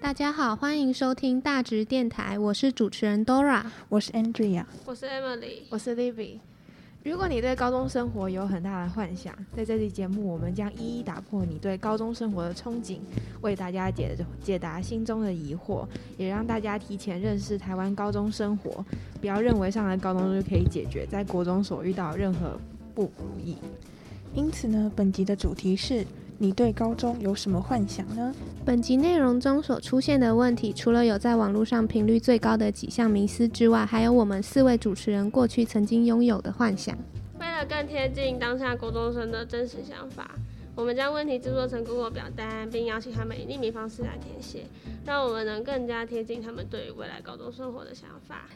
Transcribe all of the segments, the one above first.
大家好，歡迎收聽大直電台，我是主持人 Dora，我是 Andrea，我是 Emily，我是 Libby，如果你對高中生活有很大的幻想，在這期節目，我們將一一打破你對高中生活的憧憬，為大家解解答心中的疑惑，也讓大家提前認識台灣高中生活，不要認為上了高中就可以解決在國中所遇到任何不如意。因此呢，本集的主題是。你對高中有什麼幻想呢？本集內容中所出現的問題，除了有在網絡上頻率最高的幾項迷思之外，還有我們四位主持人過去曾經擁有的幻想。為了更貼近當下高中生的真實想法，我們將問題制作成 Google 表單，並邀請他們以匿名方式來填寫，讓我們能更加貼近他們對於未來高中生活的想法。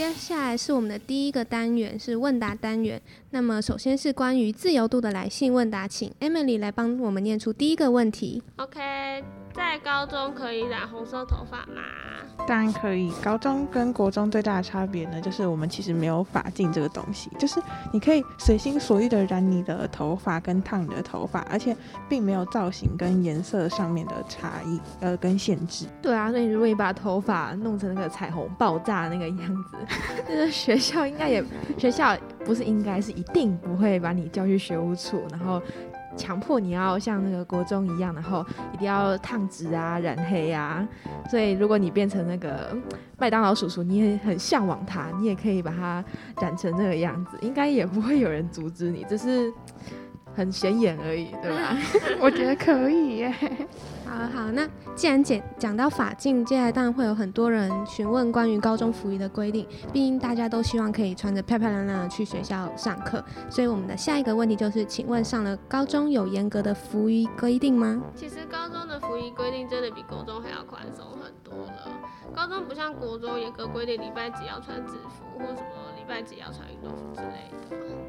接下來是我們的第一個單元，是問答單元。那麼，首先是關於自由度的來信問答，請 Emily 來幫我們念出第一個問題。OK，在高中可以染紅色頭髮嗎？當然可以。高中跟國中最大的差別呢，就是我們其實沒有髮禁這個東西，就是你可以隨心所欲的染你的頭髮跟燙你的頭髮，而且並沒有造型跟顏色上面的差異，呃跟限制。對啊，所以如果你把頭髮弄成那個彩虹爆炸那個樣子，那個、學校應該也學校不是應該是一定不會把你叫去學務處，然後。強迫你要像那個國中一樣，然後一定要燙直啊、染黑啊。所以，如果你變成那個麥當勞叔叔，你也很向往他，你也可以把它染成那個樣子，應該也不會有人阻止你，只是。很顯眼而已，對吧？ 我覺得可以耶。 好，好，那既然講講到髮禁，接下來當然會有很多人詢問關於高中服儀的規定。畢竟大家都希望可以穿着漂漂亮亮的去學校上課，所以我們的下一個問題就是：請問上了高中有嚴格的服儀規定嗎？其實高中的服儀規定真的比高中還要寬鬆很多了。高中不像國中嚴格規定禮拜幾要穿制服或什麼，禮拜幾要穿運動服之類的。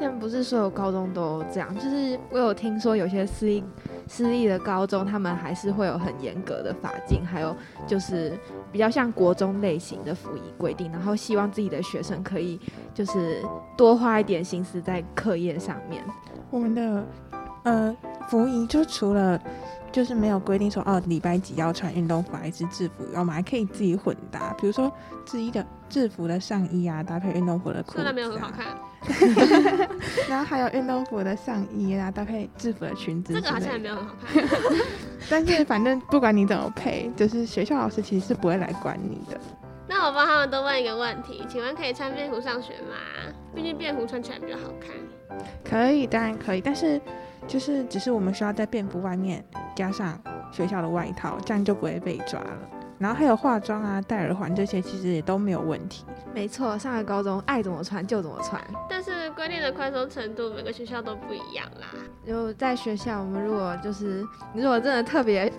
但不是所有高中都這樣，就是我有聽說有些私立私立的高中，他們還是會有很嚴格的髮禁，還有就是比較像國中類型的服儀規定，然後希望自己的學生可以就是多花一點心思在課業上面。我們的呃服儀就除了就是沒有規定說哦禮拜幾要穿運動服還是制服，啊，我們還可以自己混搭，比如說制衣的制服的上衣啊搭配運動服的褲子啊。 然後還有運動服的上衣然後搭配制服的裙子的。這個好像也沒有很好看，啊。 但是反正不管你怎麼配，就是學校老師其實是不會來管你的。那我幫他們都問一個問題，請問可以穿便服上學嗎？畢竟便服穿起來比較好看。可以，當然可以，但是就是只是我們需要在便服外面加上學校的外套，這樣就不會被抓了。然後還有化妝啊、戴耳環這些，其實也都沒有問題。沒錯，上了高中愛怎麼穿就怎麼穿。但是觀念的寬鬆程度，每個學校都不一樣啦。有在學校，我們如果就是，如果真的特別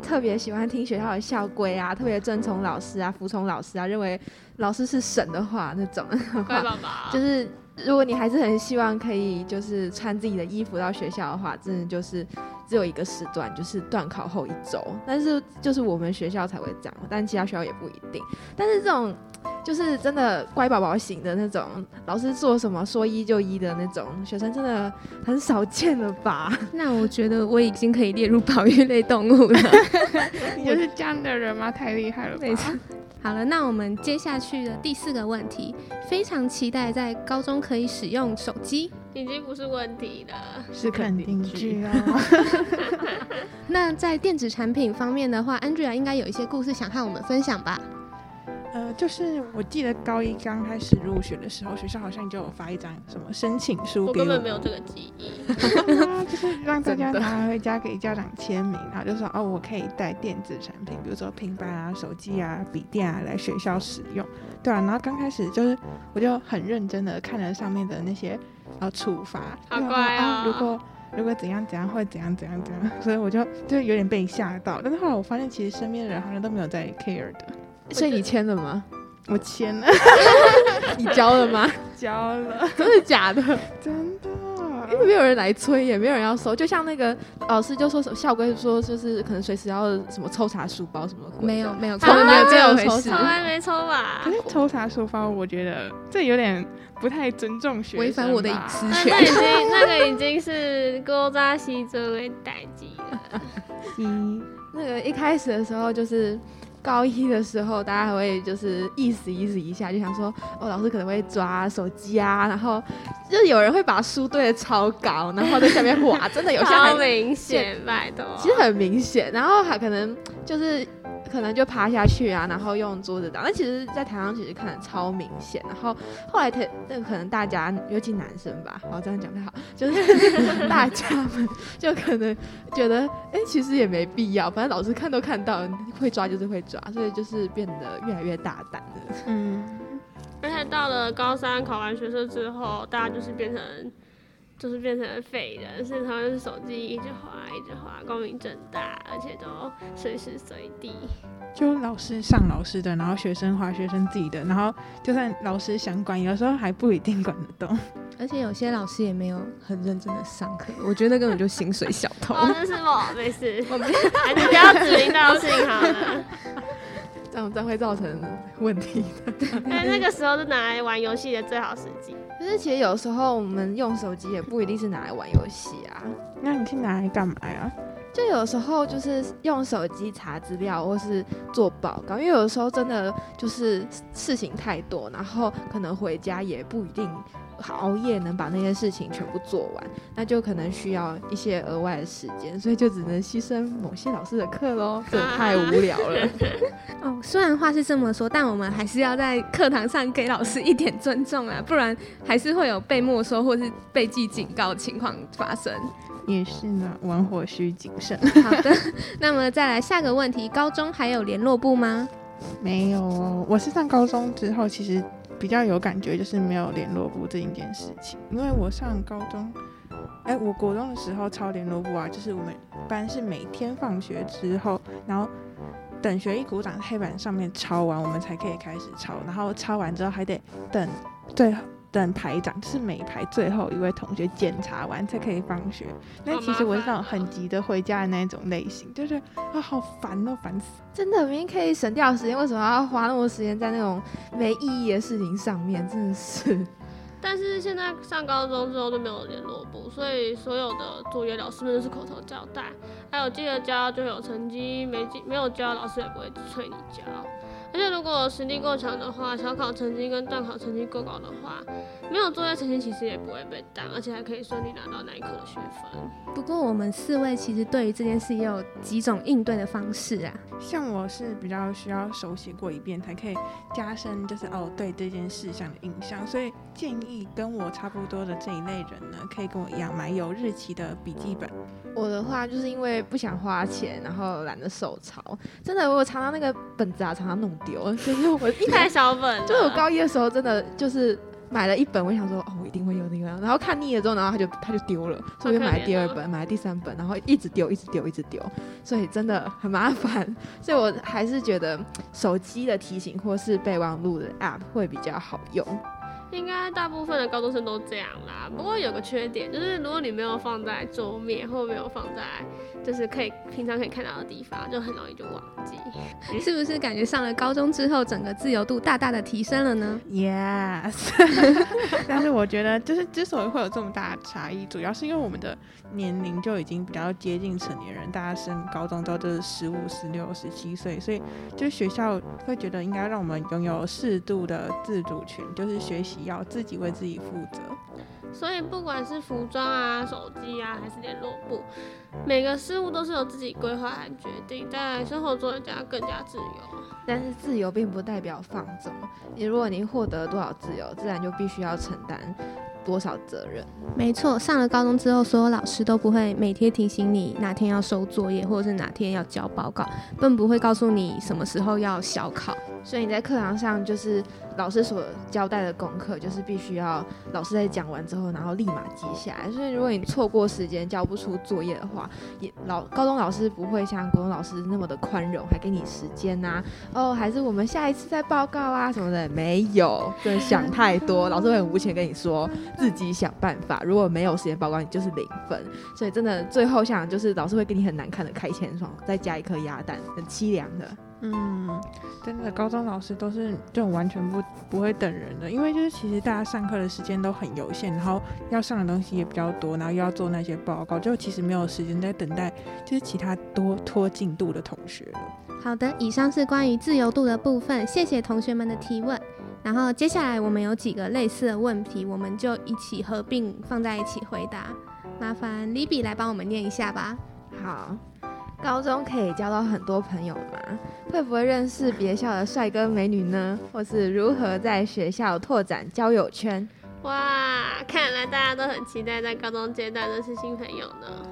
特別喜歡聽學校的校規啊，特別遵從老師啊，服從老師啊，認為老師是神的話，那種話爸爸，就是如果你還是很希望可以就是穿自己的衣服到學校的話，真的就是。只有一個時段，就是段考後一週，但是就是我們學校才會這樣，但其他學校也不一定。但是這種就是真的乖寶寶型的那種，老師做什麼說一就一的那種學生，真的很少見了吧？那我覺得我已經可以列入保育類動物了。你 是這樣的人嗎？太厲害了，沒錯。好了，那我們接下去的第四個問題，非常期待在高中可以使用手機，已經不是問題了，是肯定句啊 那在電子產品方面的話，Angela 應該有一些故事想和我們分享吧。呃，就是我記得高一剛開始入學的時候，學校好像就有發一張什麼申請書給我，我根本沒有這個記憶， 就是讓大家拿回家給家長簽名，然後就說哦，我可以帶電子產品，比如說平板啊、手機啊、筆電啊來學校使用，對啊，然後剛開始就是我就很認真的看了上面的那些，然後處罰，好乖哦，然後啊，如果如果怎樣怎樣會怎樣怎樣怎樣，所以我就就有點被嚇到，但是後來我發現其實身邊的人好像都沒有在 care 的。所以你簽了嗎？我簽了。 你交了嗎？交了。真的假的？真的、啊。因為沒有人來催，也沒有人要收。就像那個老師就說什，校規說就是可能隨時要什麼抽查書包什麼的。沒有沒有，從來沒有、啊、沒有抽，從來沒抽吧。抽查書包，我覺得這有點不太尊重學生。違反我的隱私權。那已經那個已經是古早以前的代誌了。一、 嗯、那個一開始的時候就是。高一的時候，大家還會就是意思意思一下，就想說，哦，老師可能會抓手機啊，然後就有人會把書堆得超高，然後在下面 哇，真的有很明顯，買其實很明顯，然後還可能就是。可能就趴下去啊，然後用桌子擋。但其實，在台上其實看得超明顯。然後後來，那個可能大家尤其男生吧，好像這樣講才好，就是 大家們就可能覺得，誒、欸，其實也沒必要，反正老師看都看到了，會抓就是會抓，所以就是變得越來越大膽了。嗯，而且到了高三考完學測之後，大家就是變成。就是變成了廢人，所以他們手機一直滑，一直滑，光明正大，而且都隨時隨地。就老師上老師的，然後學生滑學生自己的，然後就算老師想管，有時候還不一定管得動。而且有些老師也沒有很認真的上課， 我覺得根本就薪水小偷。真 的是我沒事， 你不要指名道姓好了。 這樣會造成問題的。欸，對，那個時候是拿來玩遊戲的最好時機。可是其實有時候我們用手機也不一定是拿來玩遊戲啊。那你去拿來幹嘛呀？就有時候就是用手機查資料，或是做報告，因為有時候真的就是事情太多，然後可能回家也不一定。熬夜能把那些事情全部做完，那就可能需要一些額外的時間，所以就只能犧牲某些老師的課嘍。這太無聊了。啊、 哦，雖然話是這麼說，但我們還是要在課堂上給老師一點尊重啊，不然還是會有被沒收或是被記警告情況發生。也是呢，玩火需謹慎。好的， 那麼再來下個問題：高中還有聯絡部嗎？沒有哦，我是上高中之後，其實。比較有感覺，就是沒有聯絡簿這一件事情，因為我上高中，哎、欸，我國中的時候抄聯絡簿啊，就是我們班是每天放學之後，然後等學藝股長，黑板上面抄完，我們才可以開始抄，然後抄完之後還得等，對後等排長，就是每排最後一位同學檢查完才可以放學。那其實我是那種很急的回家的那種類型，就是啊好煩，哦，煩死。真的，明明可以省掉時間，為什麼要花那麼多時間在那種沒意義的事情上面？真的是。但是現在上高中之後就沒有聯絡簿，所以所有的作業老師們都是口頭交代。還有記得交就有成績，沒記沒有交，老師也不會催你交。而且如果實力夠強的話，小考成績跟大考成績夠高的話，沒有作業成績其實也不會被擋，而且還可以順利拿到那一科的學分。不過我們四位其實對於這件事也有幾種應對的方式啊。像我是比較需要手寫過一遍才可以加深，就是哦，對這件事上的印象，所以建議跟我差不多的這一類人呢，可以跟我一樣買有日期的筆記本。我的話就是因為不想花錢，然後懶得手抄，真的我常常那個本子啊，常常弄。丟，就是我一台小本，就是我高一的時候，真的就是買了一本，我想說哦，我一定會用那個樣子，然後看膩了之後，然後它就它就丟了，所以我買了第二本，買了第三本，然後一直丟，一直丟，一直丟，所以真的很麻煩，所以我還是覺得手機的提醒或是備忘錄的 App 會比較好用。應該大部分的高中生都這樣啦。不過有個缺點就是，如果你沒有放在桌面，或沒有放在就是可以平常可以看到的地方，就很容易就忘記。嗯。是不是感覺上了高中之後，整個自由度大大的提升了呢？Yes 但是我覺得，就是之所以會有這麼大的差異， 主要是因為我們的年齡就已經比較接近成年人。大家升高中之後就是十五、十六、十七歲，所以就是學校會覺得應該讓我們擁有適度的自主權，就是學習。要自己為自己負責，所以不管是服裝啊、手機啊，還是聯絡簿，每個事物都是由自己規劃決定，在生活中要更加自由。但是自由並不代表放縱，你如果你獲得了多少自由，自然就必須要承擔多少責任。沒錯，上了高中之後，所有老師都不會每天提醒你哪天要收作業，或者是哪天要交報告，更不會告訴你什麼時候要小考。所以你在課堂上就是。老師所交代的功課，就是必須要老師在講完之後，然後立馬記下來。所以如果你錯過時間交不出作業的話，老高中老師不會像國中老師那麼的寬容，還給你時間吶。哦，還是我們下一次再報告啊什麼的？沒有，就是想太多，老師會很無情跟你說，自己想辦法。如果沒有時間報告，你就是零分。所以真的，最後像就是老師會給你很難看的開錢爽，再加一顆鴨蛋，很淒涼的。嗯，真的，高中老師都是這種完全不不會等人的，因為就是其實大家上課的時間都很有限，然後要上的東西也比較多，然後又要做那些報告，就其實沒有時間再等待就是其他多拖進度的同學了。好的，以上是關於自由度的部分，謝謝同學們的提問。然後接下來我們有幾個類似的問題，我們就一起合併放在一起回答，麻煩 Libby 來幫我們念一下吧。好。高中可以交到很多朋友嗎？會不會認識別校的帥哥美女呢？或是如何在學校拓展交友圈？哇，看來大家都很期待在高中階段認識新朋友呢。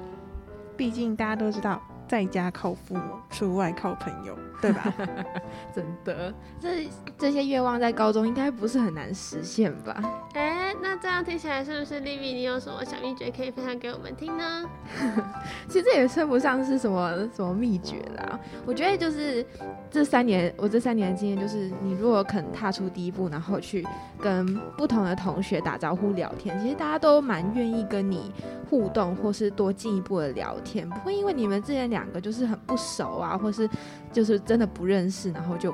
畢竟大家都知道。在家靠父母，出外靠朋友，對吧？ 真的，這這些願望在高中應該不是很難實現吧？哎、欸，那這樣聽起來是不是 Livi 你有什麼小秘訣可以分享給我們聽呢？ 其實也算不上是什麼什麼秘訣啦。我覺得就是這三年，我這三年的經驗就是，你如果肯踏出第一步，然後去跟不同的同學打招呼聊天，其實大家都蠻願意跟你互動，或是多進一步的聊天，不會因為你們之前聊。兩個就是很不熟啊，或是就是真的不認識，然後就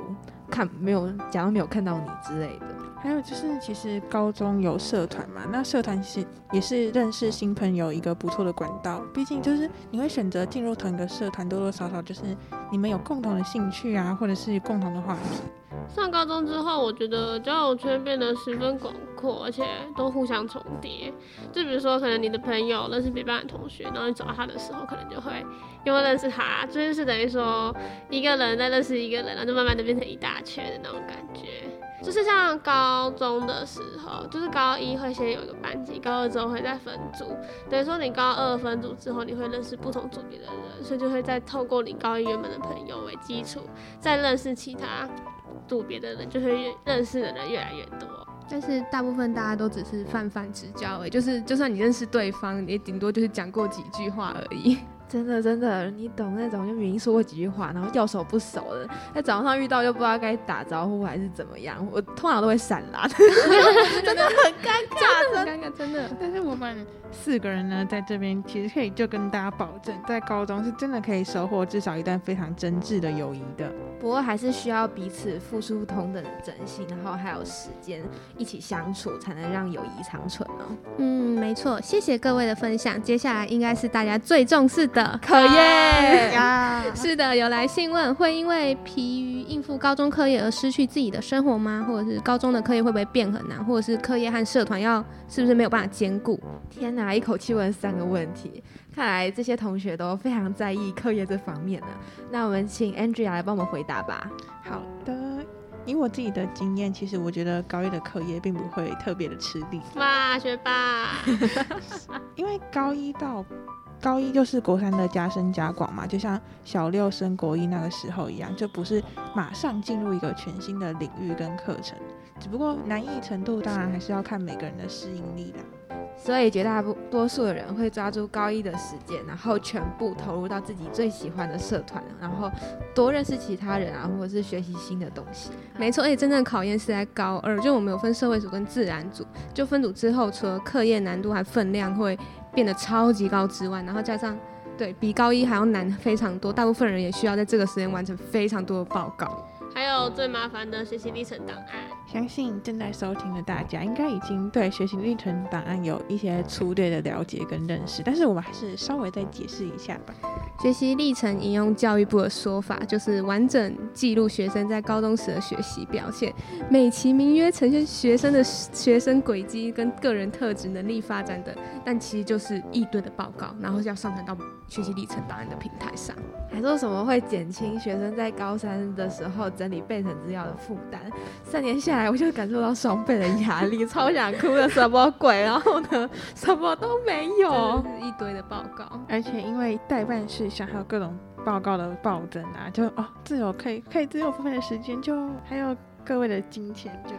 看沒有，假裝沒有看到你之類的。還有就是，其實高中有社團嘛，那社團其實也是認識新朋友一個不錯的管道。畢竟就是你會選擇進入同一個社團，多多少少就是你們有共同的興趣啊，或者是共同的話題。上高中之後，我覺得交友圈變得十分廣闊，而且都互相重疊。就比如說，可能你的朋友認識別班的同學，然後你找他的時候，可能就會因為會認識他，就是等於說一個人在認識一個人，然後就慢慢的變成一大圈的那種感覺。就是像高中的時候，就是高一會先有一個班級，高二之後會再分組。等於說你高二分組之後，你會認識不同組別的人，所以就會再透過你高一原本的朋友為基礎，再認識其他組別的人，就會越認識的人越來越多。但是大部分大家都只是泛泛之交而已，就是就算你認識對方，你也頂多就是講過幾句話而已。真的，真的，你懂那種，就明明說過幾句話，然後要熟不熟的，在早上遇到就不知道該打招呼還是怎麼樣，我通常都會閃啦， 真的很尷尬，真的很尷尬，真的。但是我們。四個人呢，在這邊其實可以就跟大家保證，在高中是真的可以收穫至少一段非常真摯的友誼的。不過還是需要彼此付出同等的真心，然後還有時間一起相處，才能讓友誼長存哦。嗯，沒錯，謝謝各位的分享。接下來應該是大家最重視的課業，可耶哎、 是的，有來信問會因為疲。應付高中課業而失去自己的生活嗎？或者是高中的課業會不會變很難？或者是課業和社團要是不是沒有辦法兼顧？天哪，一口氣問三個問題，看來這些同學都非常在意課業這方面呢。那我們請 Andrea 來幫我們回答吧。好的，以我自己的經驗，其實我覺得高一的課業並不會特別的吃力。哇，學霸！ 因為高一到高一就是國三的加深加廣嘛，就像小六升國一那個時候一樣，就不是馬上進入一個全新的領域跟課程，只不過難易程度當然還是要看每個人的適應力的。所以絕大多數的人會抓住高一的時間，然後全部投入到自己最喜歡的社團，然後多認識其他人啊，或者是學習新的東西。嗯、沒錯，而且真正考驗是在高二，就我們有分社會組跟自然組，就分組之後，除了課業難度還分量會。變得超級高之外，然後加上對比高一還要難非常多，大部分人也需要在這個時間完成非常多的報告。還有最麻煩的學習歷程檔案，相信正在收聽的大家應該已經對學習歷程檔案有一些粗略的了解跟認識，但是我們還是稍微再解釋一下吧。學習歷程，引用教育部的說法，就是完整記錄學生在高中時的學習表現，美其名曰呈現學生的學生軌跡跟個人特質能力發展等，但其實就是一堆的報告，然後要上傳到學習歷程檔案的平台上，還說什麼會減輕學生在高三的時候在你背成資料的負擔，三年下來我就感受到雙倍的壓力， 超想哭的什麼鬼？然後呢，什麼都沒有，一堆的報告，而且因為待辦事項還有各種報告的暴增啊，就哦，自由可以可以自由分配的時間就還有各位的金錢就。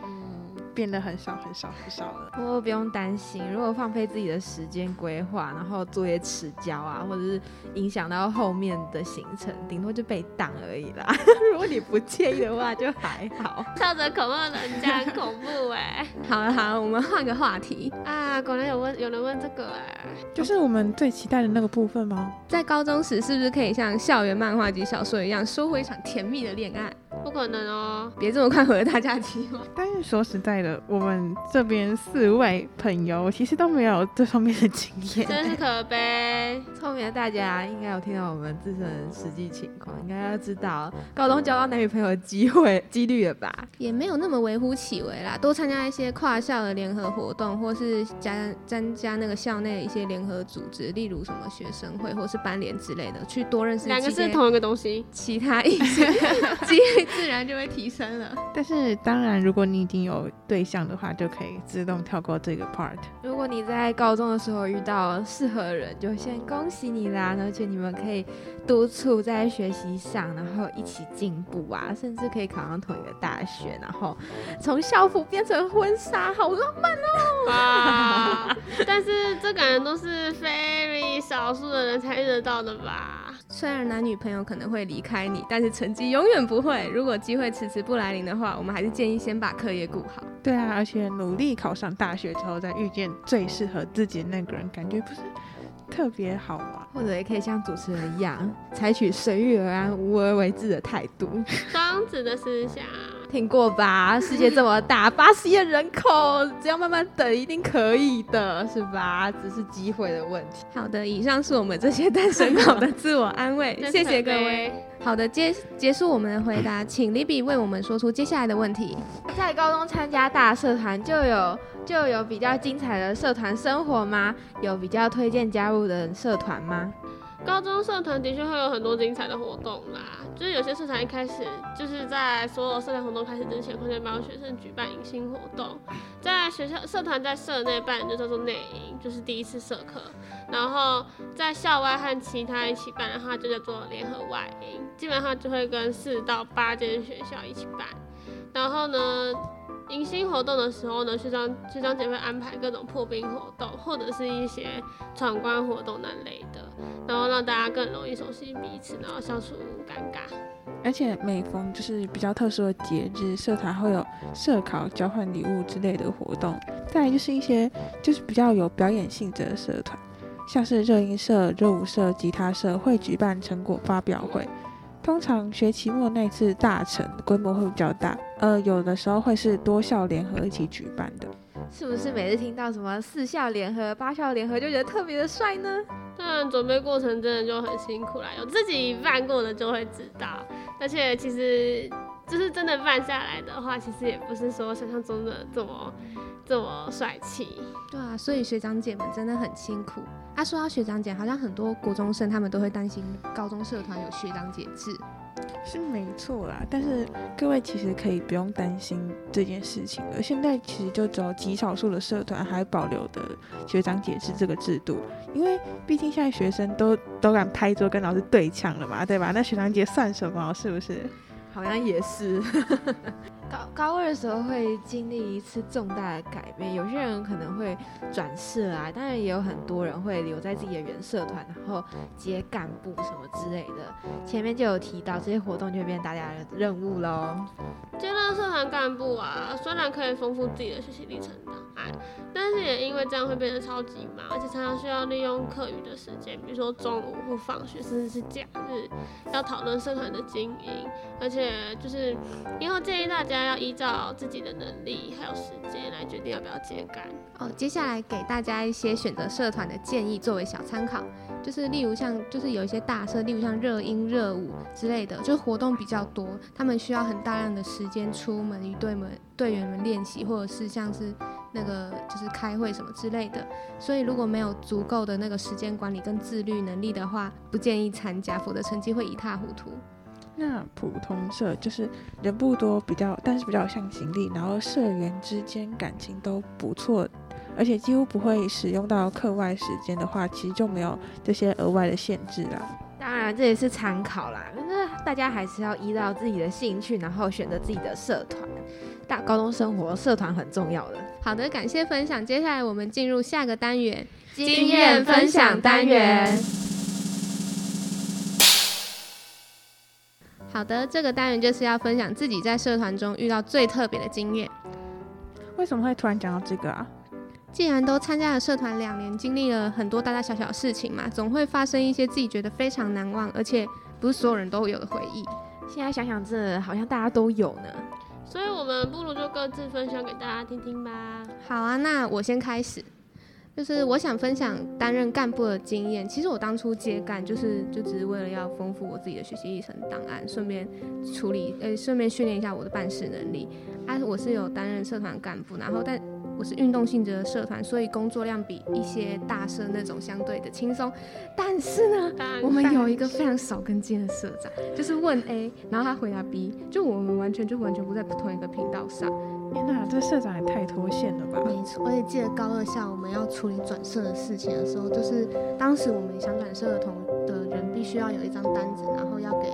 變得很少很少很少了，不過不用擔心。如果放飛自己的時間規劃，然後作業遲交啊，或者是影響到後面的行程，頂多就被擋而已啦。 如果你不介意的話，就還好。笑着渴望人家，很恐怖哎、欸！好了好了，我們換個話題啊。果然有問有人問這個、啊，就是我們最期待的那個部分嗎？Okay. 在高中時，是不是可以像校園漫畫及小說一樣，收穫一場甜蜜的戀愛？不可能哦！別這麼快和大家期嘛。但是說實在的，我們這邊四位朋友其實都沒有這方面的經驗，真是可悲。聰、欸、明的大家應該有聽到我們自身實際情況，應該要知道高中交到男女朋友的機會幾率了吧？也沒有那麼微乎其微啦，多參加一些跨校的聯合活動，或是加參加那個校內一些聯合組織，例如什麼學生會或是班聯之類的，去多認識兩個是同一個東西，其他一些機會。 其 自然就會提升了。但是當然，如果你已經有對象的話，就可以自動跳過這個 part。如果你在高中的時候遇到適合的人，就先恭喜你啦，而且你們可以。督促在學習上，然後一起進步啊，甚至可以考上同一個大學，然後從校服變成婚紗，好浪漫哦、喔！啊， 但是這感覺都是非常少數的人才遇得到的吧？雖然男女朋友可能會離開你，但是成績永遠不會。如果機會遲遲不來臨的話，我們還是建議先把課業顧好。對啊，而且努力考上大學之後再遇見最適合自己的那個人，感覺不是。特別好玩，或者也可以像主持人一樣，採、嗯、取隨遇而安、無為而治的態度。莊子的思想 聽過吧？世界這麼大，八十億人口，只要慢慢等，一定可以的，是吧？只是機會的問題。好的，以上是我們這些單身狗的自我安慰。 謝謝各位。好的，結結束我們的回答，請 Libby 為我們說出接下來的問題。 在高中參加大社團就有就有比較精彩的社團生活嗎？有比較推薦加入的社團嗎？高中社團的確會有很多精彩的活動啦，就是有些社團一開始就是在所有社團活動開始之前，會先幫學生舉辦迎新活動。在學校社團在社內辦就叫做內營，就是第一次社課，然後在校外和其他一起辦的話就叫做聯合外營，基本上就會跟四到八間學校一起辦。然後呢，迎新活動的時候呢，學長學長姐會安排各種破冰活動，或者是一些闖關活動那類的，然後讓大家更容易熟悉彼此，然後消除尷尬。而且每逢就是比較特殊的節日，社團會有社考、交換禮物之類的活動。再來就是一些就是比較有表演性質的社團，像是熱音社、熱舞社、吉他社會舉辦成果發表會。通常學期末那次大成規模會比較大，呃，有的時候會是多校聯合一起舉辦的。是不是每次聽到什麼四校聯合、八校聯合就覺得特別的帥呢？但準備過程真的就很辛苦啦，有自己辦過的就會知道。而且其實。就是真的辦下來的話，其實也不是說想象中的這麼這麼帥氣。對啊，所以學長姐們真的很辛苦。啊，說到學長姐，好像很多國中生他們都會擔心高中社團有學長姐制，是沒錯啦。但是各位其實可以不用擔心這件事情了。現在其實就只有極少數的社團還保留的學長姐制這個制度，因為畢竟現在學生都都敢拍桌跟老師對嗆了嘛，對吧？那學長姐算什麼？是不是？好像也是。高高二的時候會經歷一次重大的改變，有些人可能會轉社啊，當然也有很多人會留在自己的原社團，然後接幹部什麼之類的。前面就有提到這些活動就會變成大家的任務嘍。接到社團幹部啊，雖然可以豐富自己的學習歷程，哎，但是也因為這樣會變得超級忙，而且常常需要利用課餘的時間，比如說中午或放學，甚至是，是假日，就是要討論社團的經營，而且就是因為建議大家。要依照自己的能力還有時間來決定要不要接幹哦。接下來給大家一些選擇社團的建議作為小參考，就是例如像就是有一些大社，例如像熱音、熱舞之類的，就活動比較多，他們需要很大量的時間出門與隊們隊員們練習，或者是像是那個就是開會什麼之類的。所以如果沒有足夠的那個時間管理跟自律能力的話，不建議參加，否則成績會一塌糊塗。那普通社就是人不多，比較，但是比較有向心力，然後社員之間感情都不錯，而且幾乎不會使用到課外時間的話，其實就沒有這些額外的限制啦。當然這也是參考啦，但是大家還是要依照自己的興趣，然後選擇自己的社團。大高中生活社團很重要的。好的，感謝分享。接下來我們進入下個單元，經驗分享單元。好的，這個單元就是要分享自己在社團中遇到最特別的經驗。為什麼會突然講到這個啊？既然都參加了社團兩年，經歷了很多大大小小的事情嘛，總會發生一些自己覺得非常難忘，而且不是所有人都會有的回憶。現在想想這，這好像大家都有呢。所以我們不如就各自分享給大家聽聽吧。好啊，那我先開始。就是我想分享擔任幹部的經驗。其實我當初接幹就是就只是為了要豐富我自己的學習歷程檔案，順便處理，呃，順便訓練一下我的辦事能力。啊，我是有擔任社團幹部，然後但。我是運動性質的社團，所以工作量比一些大社那種相對的輕鬆。但是呢，我們有一個非常少根筋的社長，就是問 A，然後他回答 B，就我們完全就完全不在同一個頻道上。天哪、啊，這社長也太脫線了吧！沒錯，我也記得高二下我們要處理轉社的事情的時候，就是當時我們想轉社的同的人必須要有一張單子，然後要給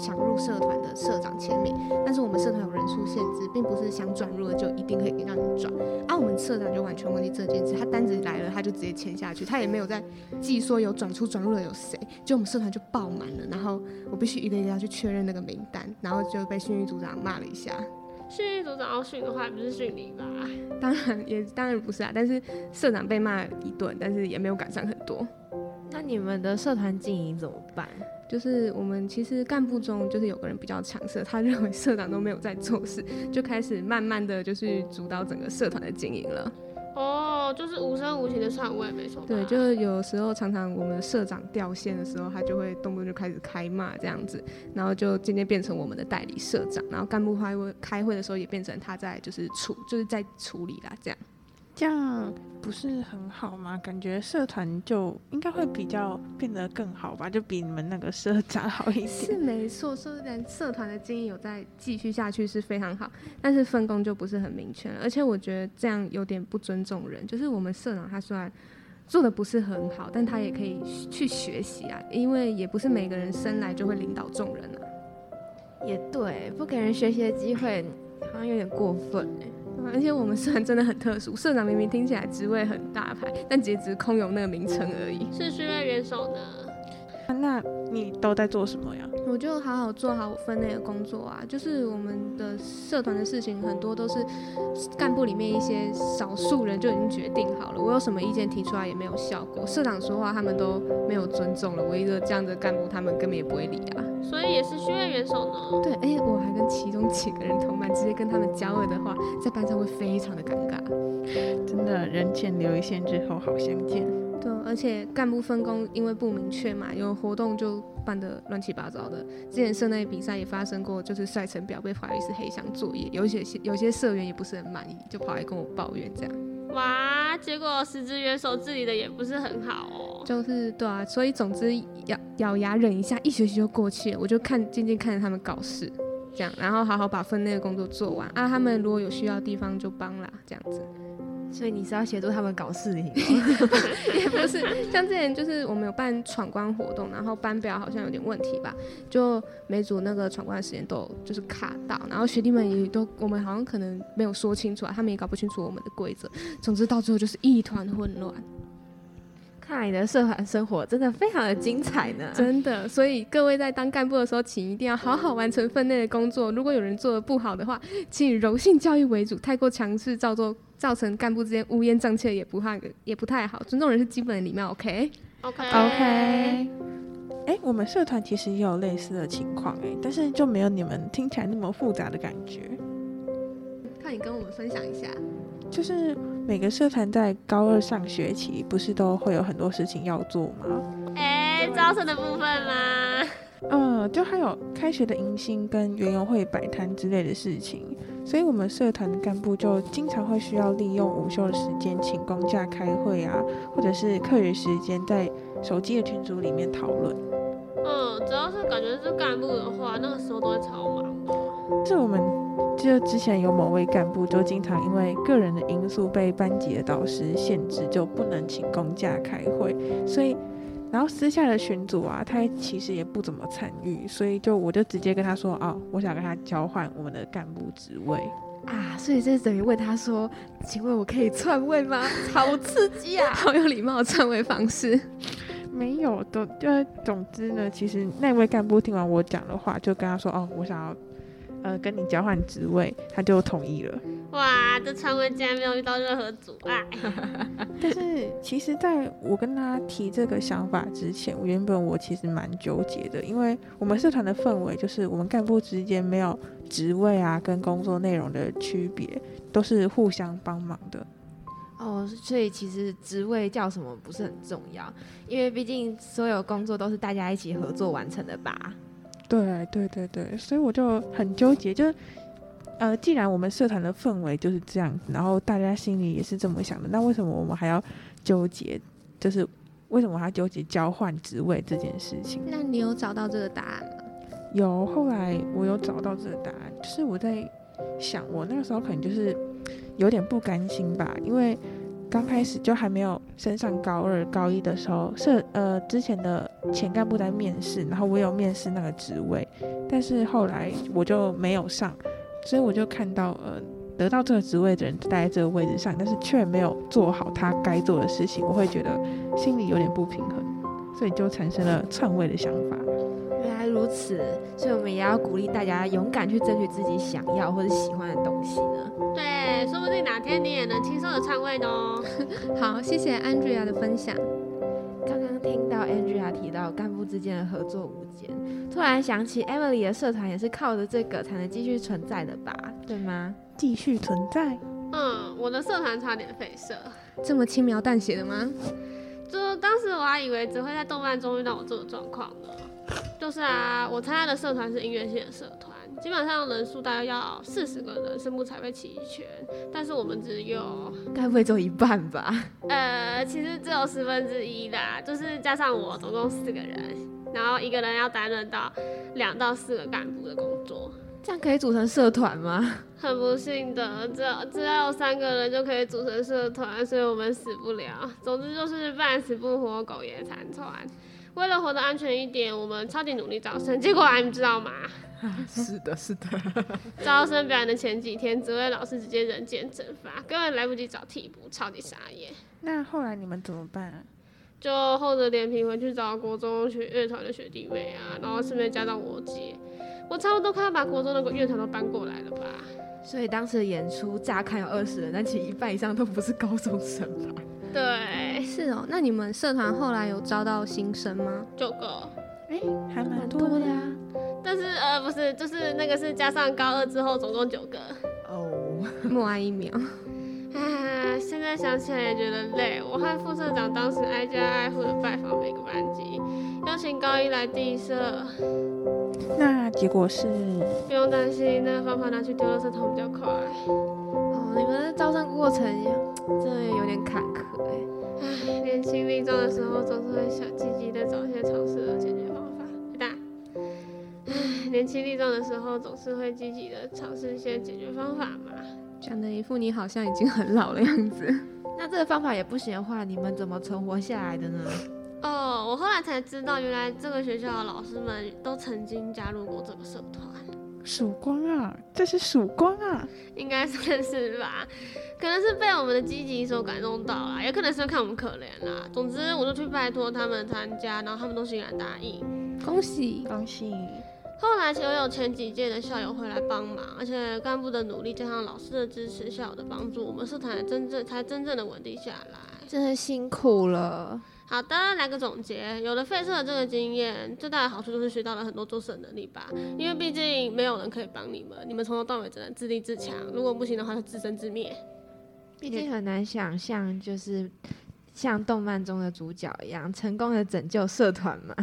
想入社團的社長簽名。但是我們社團有人數限制，並不是想轉入了就一定可以讓你轉。啊，我們社長就完全忘記這件事，他單子來了，他就直接簽下去，他也沒有在記說有轉出轉入的有誰。就我們社團就爆滿了，然後我必須一個一個去確認那個名單，然後就被訓育組長罵了一下。訓育組長要訓的話，不是訓你吧？當然也當然不是啊，但是社長被罵一頓，但是也沒有趕上很多。那你們的社團經營怎麼辦？就是我們其實幹部中就是有個人比較強勢，他認為社長都沒有在做事，就開始慢慢的就是主導整個社團的經營了。哦、oh，就是無聲無息的篡位沒錯。對，就是有時候常常我們的社長掉線的時候，他就會動不動就開始開罵這樣子，然後就漸漸變成我們的代理社長。然後幹部開會開會的時候也變成他在就是處就是在處理啦這樣。這樣不是很好嗎？感覺社團就應該會比較變得更好吧，就比你們那個社長好一些。是，沒錯，社長社團的經營有在繼續下去是非常好，但是分工就不是很明確。而且我覺得這樣有點不尊重人，就是我們社長他雖然做的不是很好，但他也可以去學習啊，因為也不是每個人生來就會領導眾人啊。也對，不給人學習的機會，好像有點過分欸。而且我們社團真的很特殊，社長明明聽起來職位很大牌，但其實空有那個名稱而已，是虛位元首呢。那你都在做什麼呀？我就好好做好我分內的工作啊。就是我們的社團的事情，很多都是幹部裡面一些少數人就已經決定好了，我有什麼意見提出來也沒有效果。社長說話他們都沒有尊重了，我一個這樣的幹部，他們根本也不會理啊。所以也是需要援手呢。對，誒、欸，我還跟其中幾個人同班，直接跟他們交惡的話，在班上會非常的尷尬。真的人前留一線，日後好相見。對，而且幹部分工因為不明確嘛，有活動就辦得亂七八糟的。之前社內比賽也發生過，就是賽程表被懷疑是黑箱作業，有些有些社員也不是很滿意，就跑來跟我抱怨這樣。哇，結果實質元首治理的也不是很好哦。就是對啊，所以總之咬咬牙忍一下，一學期就過去了，我就看靜靜看着他們搞事，這樣，然後好好把分內的工作做完啊，他們如果有需要的地方就幫啦，這樣子。所以你是要協助他們搞事情？ 也不是，像之前就是我們有辦闖關活動，然後班表好像有點問題吧，就每組那個闖關的時間都就是卡到，然後學弟們也都、嗯、我們好像可能沒有說清楚啊，他們也搞不清楚我們的規則，總之到最後就是一團混亂。看來你的社團生活真的非常的精彩呢。嗯，真的。所以各位在當幹部的時候，請一定要好好完成分內的工作。如果有人做得不好的話，請以柔性教育為主，太過強勢照做。造成幹部之間烏煙瘴氣，也不怕，也不太好。尊重人是基本的禮貌，OK？OK？OK？、OK? Okay. Okay. 哎、欸，我們社團其實也有類似的情況，哎，但是就沒有你們聽起來那麼複雜的感覺。看你跟我們分享一下，就是每個社團在高二上學期不是都會有很多事情要做嗎？哎、欸，招生的部分嗎？嗯，就還有開學的迎新跟園遊會擺攤之類的事情。所以，我們社團的幹部就經常會需要利用午休的時間請公假開會啊，或者是課餘時間在手機的群組裡面討論。嗯，主要是感覺是幹部的話，那個時候都會超忙的。就我們，就之前有某位幹部就經常因為個人的因素被班級的導師限制，就不能請公假開會，所以。然後私下的群組啊，他其實也不怎麼參與，所以就我就直接跟他說啊、哦，我想跟他交換我們的幹部職位啊，所以這是等於問他說，請問我可以篡位嗎？好 刺激啊， 好有禮貌的篡位方式，沒有的。就是總之呢，其實那位幹部聽完我講的話，就跟他說哦，我想要。呃，跟你交換職位，他就同意了。哇，這傳位竟然沒有遇到任何阻礙。但是，其實在我跟他提這個想法之前，原本我其實蠻糾結的，因為我們社團的氛圍就是我們幹部之間沒有職位啊跟工作內容的區別，都是互相幫忙的。哦，所以其實職位叫什麼不是很重要，因為畢竟所有工作都是大家一起合作完成的吧。對對對對，所以我就很糾結，就，呃，既然我們社團的氛圍就是這樣，然後大家心裡也是這麼想的，那為什麼我們還要糾結？就是為什麼還要糾結交換職位這件事情？那你有找到這個答案嗎？有，後來我有找到這個答案，就是我在想，我那個時候可能就是有點不甘心吧，因為。剛開始就還沒有升上高二，高一的時候是呃之前的前幹部在面試，然後我有面試那個職位，但是後來我就沒有上，所以我就看到呃得到這個職位的人就待在這個位置上，但是卻沒有做好他該做的事情，我會覺得心裡有點不平衡，所以就產生了篡位的想法。如此，所以我們也要鼓勵大家勇敢去爭取自己想要或者喜歡的東西呢。對，說不定哪天你也能輕鬆的篡位哦。 好，謝謝 Andrea 的分享。剛剛聽到 Andrea 提到幹部之間的合作無間，突然想起 Emily 的社團也是靠着這個才能繼續存在的吧？對嗎？繼續存在。嗯，我的社團差點廢社。這麼輕描淡寫的嗎？就當時我還以為只會在動漫中遇到我這種狀況呢。就是啊，我參加的社團是音樂系的社團，基本上人數大概要四十個人，聲部才會齊全。但是我們只有，該不會只有一半吧？呃，其實只有十分之一啦，就是加上我，總共四個人，然後一個人要擔任到兩到四個幹部的工作。這樣可以組成社團嗎？很不幸的，只要只要有三個人就可以組成社團，所以我們死不了。總之就是半死不活，苟延殘喘。為了活得安全一點，我們超級努力招生，結果、啊、你們知道嗎、啊？是的，是的。招 生表演的前幾天，指揮老師直接人間蒸發，根本來不及找替補，超級傻眼。那後來你們怎麼辦、啊？就厚着臉皮回去找國中學樂團的學弟妹啊，然後順便加上我姐，我差不多快要把國中的樂團都搬過來了吧。所以當時的演出乍看有二十人，但其實一半以上都不是高中生吧。對，是哦。那你們社團後來有招到新生嗎？九個，哎、欸，還蠻多的啊。但是呃，不是，就是那個是加上高二之後總共九個。哦，默哀一秒。哎、 啊，現在想起來也覺得累。我和副社長當時挨家挨戶的拜訪每個班級。邀請高一來地設，那結果是不用擔心，那個方法拿去丟垃圾桶比較快。哦，你們的招生過程真的有點坎坷哎。哎，年輕力壯的時候總是會想積極的找一些嘗試的解決方法，對吧？哎，年輕力壯的時候總是會積極的嘗試一些解決方法嘛。講的一副你好像已經很老的樣子。 那這個方法也不行的話，你們怎麼存活下來的呢？我後來才知道，原來這個學校的老師們都曾經加入過這個社團。曙光啊，這是曙光啊，應該算是吧？可能是被我們的積極所感動到了，也可能是看我們可憐啦。總之，我就去拜托他們參加，然後他們都欣然答應。恭喜恭喜！後來其實也有前幾屆的校友回來幫忙，而且幹部的努力加上老師的支持、校友的幫助，我們社團真正才真正的穩定下來。真的辛苦了。好的，來個總結。有了廢社的這個經驗，最大的好處就是學到了很多做事的能力吧。因為畢竟沒有人可以幫你們，你們從頭到尾只能自立自強。如果不行的話，就自生自滅。畢竟很難想象，就是像動漫中的主角一樣，成功的拯救社團嘛。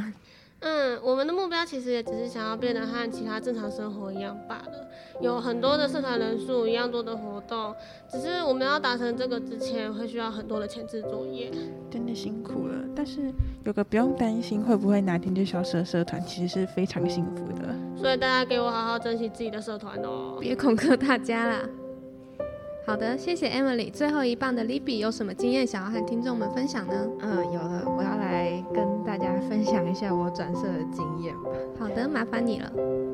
嗯，我們的目標其實也只是想要變得和其他正常生活一樣罷了，有很多的社團人數一樣多的活動，只是我們要達成這個之前會需要很多的前置作業，真的辛苦了。但是有個不用擔心會不會哪天就消失的社團，其實是非常幸福的。所以大家給我好好珍惜自己的社團哦，別恐嚇大家啦。好的，謝謝 Emily。最後一棒的 Libby 有什麼經驗想要和聽眾們分享呢？嗯，有的，我要來跟大家分享一下我轉社的經驗吧。好的，麻煩你了。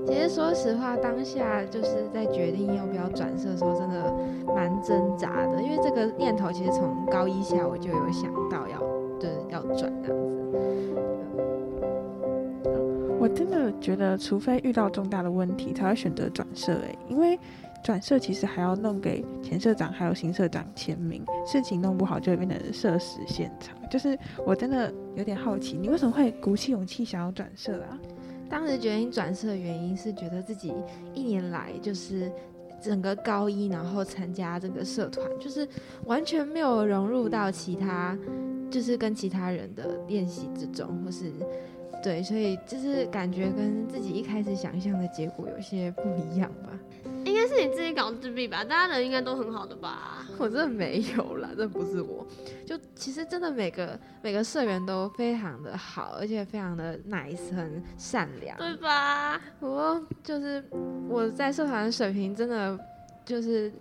其實說實話，當下就是在決定要不要轉社的時候，真的蠻掙扎的。因為這個念頭其實從高一下我就有想到要，對、就是、要轉這樣子。我真的覺得，除非遇到重大的問題，才會選擇轉社、欸。哎，因為。轉社其實還要弄給前社長還有新社長簽名，事情弄不好就會變成社死現場。就是我真的有點好奇，你為什麼會鼓起勇氣想要轉社啊？當時決定轉社的原因是覺得自己一年來就是整個高一，然後參加這個社團，就是完全沒有融入到其他，就是跟其他人的練習之中，或是對，所以就是感覺跟自己一開始想象的結果有些不一樣吧。應該是你自己搞自閉吧，大家人應該都很好的吧？我真的沒有啦，這不是我。就其實真的每個每個社員都非常的好，而且非常的 nice，很善良，對吧？我就是我在社團水平真的就是。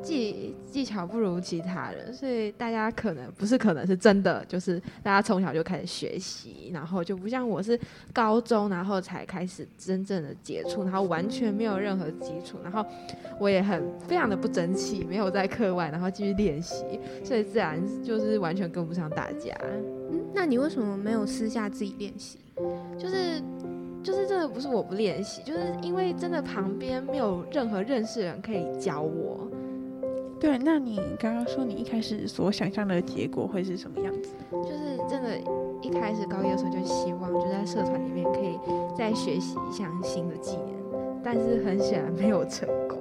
技技巧不如其他人，所以大家可能不是可能是真的，就是大家從小就開始學習，然後就不像我是高中然後才開始真正的接觸，然後完全沒有任何基礎，然後我也很非常的不爭氣，沒有在課外然後繼續練習，所以自然就是完全跟不上大家。嗯，那你為什麼沒有私下自己練習？就是就是真的不是我不練習，就是因為真的旁邊沒有任何認識的人可以教我。對，那你剛剛說你一開始所想象的結果會是什麼樣子？就是真的，一開始高一的時候就希望就在社團裡面可以再學習一項新的技能，但是很顯然沒有成功。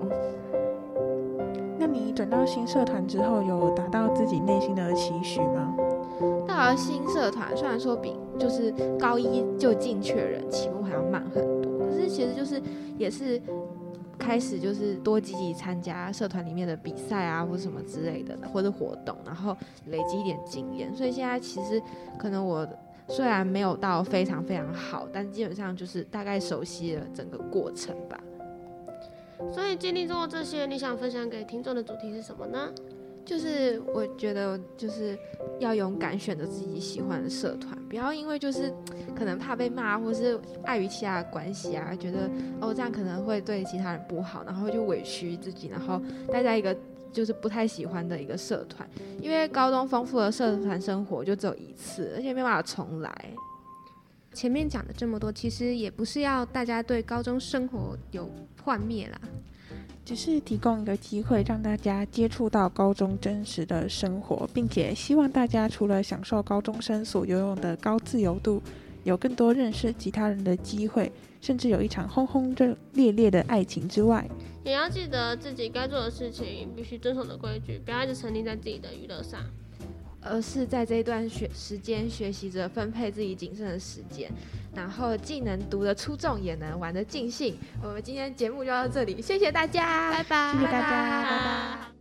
那你轉到新社團之後，有達到自己內心的期許嗎？那而新社團雖然說比就是高一就進去的人起步還要慢很多，可是其實就是也是。開始就是多積極參加社團裡面的比賽啊，或者什麼之類的，或者活動，然後累積一點經驗。所以現在其實可能我雖然沒有到非常非常好，但基本上就是大概熟悉了整個過程吧。所以經歷過這些，你想分享給聽眾的主題是什麼呢？就是我覺得就是要勇敢選擇自己喜歡的社團，不要因為就是可能怕被罵，或是礙於其他的關係啊，覺得哦這樣可能會對其他人不好，然後就委屈自己，然後待在一個就是不太喜歡的一個社團。因為高中豐富的社團生活就只有一次，而且沒辦法重來。前面講了這麼多，其實也不是要大家對高中生活有幻滅啦。只是提供一個機會，讓大家接觸到高中真實的生活，並且希望大家除了享受高中生所擁有的高自由度，有更多認識其他人的機會，甚至有一場轟轟烈烈的愛情之外，也要記得自己該做的事情，必須遵守的規矩，不要一直沉溺在自己的娛樂上。而是在這一段學時間學習着分配自己僅剩的時間，然後既能讀得出眾，也能玩得盡興。我們今天節目就到這裡，謝謝大家，拜拜，謝謝大家，拜拜。拜拜拜拜。